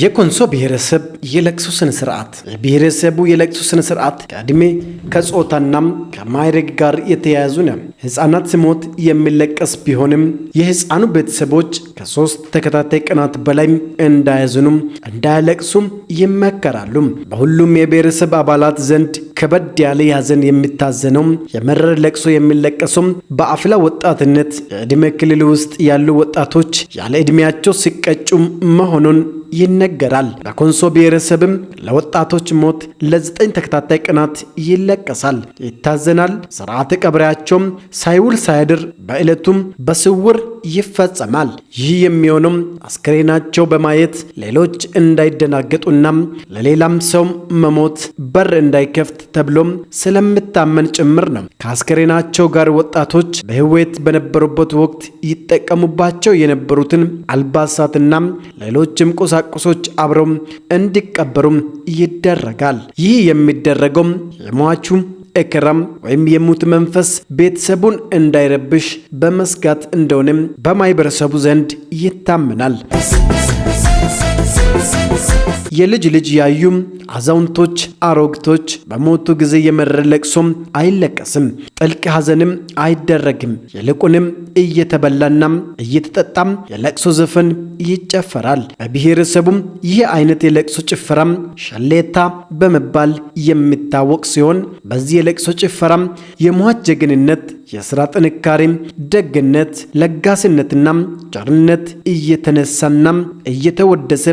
የኮንሶ ብሔረሰብ የለቅሶ ስነ ስርዓት ብሔረሰቡ የለቅሶ ስነ ስርዓት ከዕድሜ ከጾታናም ከማይረግ ጋር የተያያዙ ነው። ሕፃናት ሲሞት የሚለቀስ ቢሆንም የሕፃኑ ቤተሰቦች ከሶስት ተከታታይ ቀናት በላይ እንዳያዝኑም እንዳያለቅሱም ይመከራሉ። በሁሉም የብሔረሰብ አባላት ዘንድ ከበድ ያለ ያዘን የሚታዘነው የመረር ለቅሶ የሚለቀሱም በአፍላ ወጣትነት የዕድሜ ክልል ውስጥ ያሉ ወጣቶች ያለ ዕድሜያቸው ሲቀጩም መሆኑን ይነገራል። በኮንሶ ብሔረሰብም ለወጣቶች ሞት ለዘጠኝ ተከታታይ ቀናት ይለቀሳል፣ ይታዘናል። ስርዓተ ቀብሪያቸውም ሳይውል ሳያድር በዕለቱም በስውር ይፈጸማል። ይህ የሚሆነው አስክሬናቸው በማየት ሌሎች እንዳይደናገጡና ለሌላም ሰው መሞት በር እንዳይከፍት ተብሎም ስለምታመን ጭምር ነው። ከአስክሬናቸው ጋር ወጣቶች በህይወት በነበሩበት ወቅት ይጠቀሙባቸው የነበሩትን አልባሳትና ሌሎችም ቁሳ ቁሳቁሶች አብረው እንዲቀበሩም ይደረጋል። ይህ የሚደረገው የሟቹ እክራም ወይም የሙት መንፈስ ቤተሰቡን እንዳይረብሽ በመስጋት እንደሆነም በማህበረሰቡ ዘንድ ይታመናል። የልጅ ልጅ ያዩም አዛውንቶች፣ አሮግቶች በሞቱ ጊዜ የመረረ ለቅሶም አይለቀስም፣ ጥልቅ ሐዘንም አይደረግም። ይልቁንም እየተበላናም እየተጠጣም የለቅሶ ዘፈን ይጨፈራል። በብሔረሰቡም ይህ አይነት የለቅሶ ጭፈራም ሸሌታ በመባል የሚታወቅ ሲሆን በዚህ የለቅሶ ጭፈራም የሟች ጀግንነት የሥራ ጥንካሬም፣ ደግነት፣ ለጋስነትና ጨርነት እየተነሳና እየተወደሰ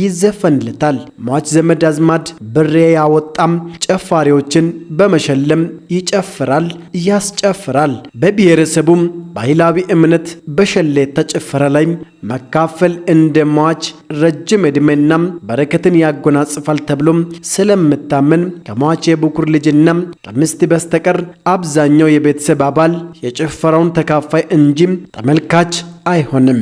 ይዘፈንለታል። ሟች ዘመድ አዝማድ ብሬ ያወጣም ጨፋሪዎችን በመሸለም ይጨፍራል፣ ያስጨፍራል። በብሔረሰቡም ባህላዊ እምነት በሸሌ ተጨፈረ ላይ መካፈል እንደ ሟች ረጅም ዕድሜና በረከትን ያጎናጽፋል ተብሎ ስለምታመን ከሟች የብኩር ልጅና ከምስት በስተቀር አብዛኛው የቤተሰብ አባል የጭፈራውን ተካፋይ እንጂ ተመልካች አይሆንም።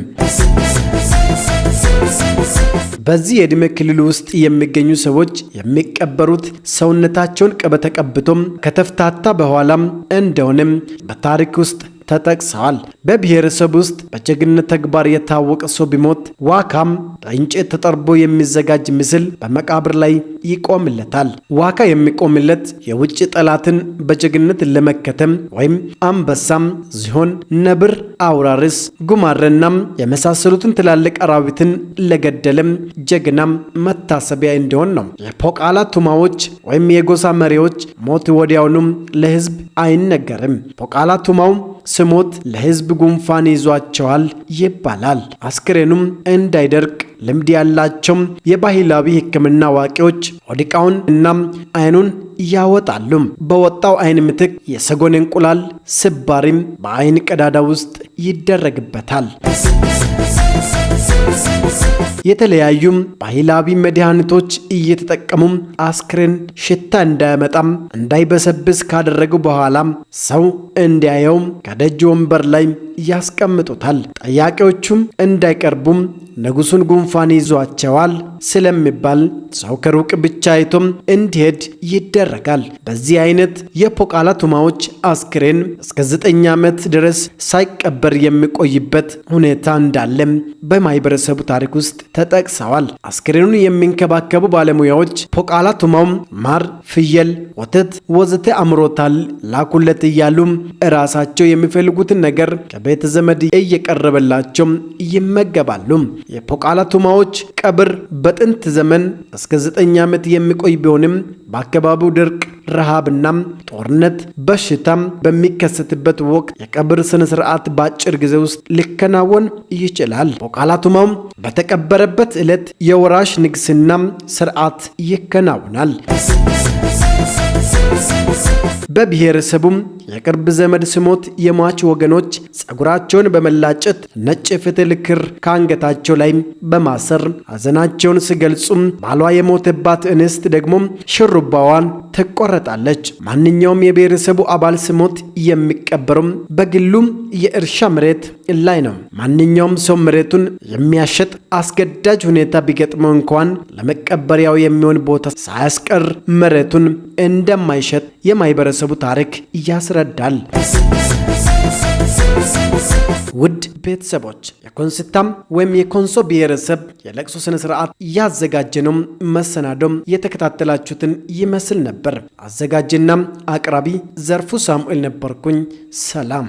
በዚህ የዕድሜ ክልል ውስጥ የሚገኙ ሰዎች የሚቀበሩት ሰውነታቸውን ቅቤ ተቀብቶም ከተፍታታ በኋላም እንደሆነም በታሪክ ውስጥ ተጠቅሰዋል። በብሔረሰብ ውስጥ በጀግንነት ተግባር የታወቀ ሰው ቢሞት ዋካም በእንጨት ተጠርቦ የሚዘጋጅ ምስል በመቃብር ላይ ይቆምለታል። ዋካ የሚቆምለት የውጭ ጠላትን በጀግነት ለመከተም ወይም አንበሳም ሲሆን ነብር፣ አውራርስ ጉማሬናም የመሳሰሉትን ትላልቅ አራዊትን ለገደለም ጀግናም መታሰቢያ እንዲሆን ነው። የፖቃላ ቱማዎች ወይም የጎሳ መሪዎች ሞት ወዲያውኑም ለህዝብ አይነገርም። ፖቃላ ቱማው ስሞት ለህዝብ ጉንፋን ይዟቸዋል ይባላል። አስክሬኑም እንዳይደርቅ ልምድ ያላቸው የባህላዊ ሕክምና አዋቂዎች ሆድ እና እናም አይኑን ያወጣሉ። በወጣው አይን ምትክ የሰጎን እንቁላል ስባሪም በአይን ቀዳዳ ውስጥ ይደረግበታል። የተለያዩም ባህላዊ መድኃኒቶች እየተጠቀሙም አስክሬን ሽታ እንዳያመጣም እንዳይበሰብስ ካደረጉ በኋላ ሰው እንዲያየው ከደጅ ወንበር ላይ ያስቀምጡታል። ጠያቂዎቹም እንዳይቀርቡም ንጉሡን ጉንፋን ይዟቸዋል። ስለሚባል ሰው ከሩቅ ብቻ አይቶም እንዲሄድ ይደረጋል። በዚህ አይነት የፖቃላ ቱማዎች አስክሬን እስከ ዘጠኝ ዓመት ድረስ ሳይቀበር የሚቆይበት ሁኔታ እንዳለም በማህበረሰቡ ታሪክ ውስጥ ተጠቅሰዋል። አስክሬኑን የሚንከባከቡ ባለሙያዎች ፖቃላ ቱማው ማር፣ ፍየል፣ ወተት ወዘተ አምሮታል ላኩለት እያሉ እራሳቸው የሚፈልጉትን ነገር ከቤተ ዘመድ እየቀረበላቸው ይመገባሉ። የፖቃላ ቱማዎች ቀብር በ በጥንት ዘመን እስከ ዘጠኝ ዓመት የሚቆይ ቢሆንም በአካባቢው ድርቅ፣ ረሃብና ጦርነት፣ በሽታም በሚከሰትበት ወቅት የቀብር ስነ ስርዓት በአጭር ጊዜ ውስጥ ሊከናወን ይችላል። ቦቃላ በተቀበረበት ዕለት የወራሽ ንግስና ስርዓት ይከናወናል። በብሔረሰቡም የቅርብ ዘመድ ስሞት የሟች ወገኖች ጸጉራቸውን በመላጨት ነጭ ፍትል ክር ከአንገታቸው ላይ በማሰር ሐዘናቸውን ሲገልጹም፣ ባሏ የሞተባት እንስት ደግሞ ሽሩባዋን ትቆረጣለች። ማንኛውም የብሔረሰቡ አባል ስሞት የሚቀበሩም በግሉም የእርሻ መሬት ላይ ነው። ማንኛውም ሰው መሬቱን የሚያሸጥ አስገዳጅ ሁኔታ ቢገጥመው እንኳን ለመቀበሪያው የሚሆን ቦታ ሳያስቀር መሬቱን እንደማይሸጥ የማህበረሰቡ ታሪክ ያስረዳል። ውድ ቤተሰቦች የኮንስታም ወይም የኮንሶ ብሔረሰብ የለቅሶ ስነ ስርዓት ያዘጋጀነው መሰናዶም የተከታተላችሁትን ይመስል ነበር። አዘጋጅና አቅራቢ ዘርፉ ሳሙኤል ነበርኩኝ። ሰላም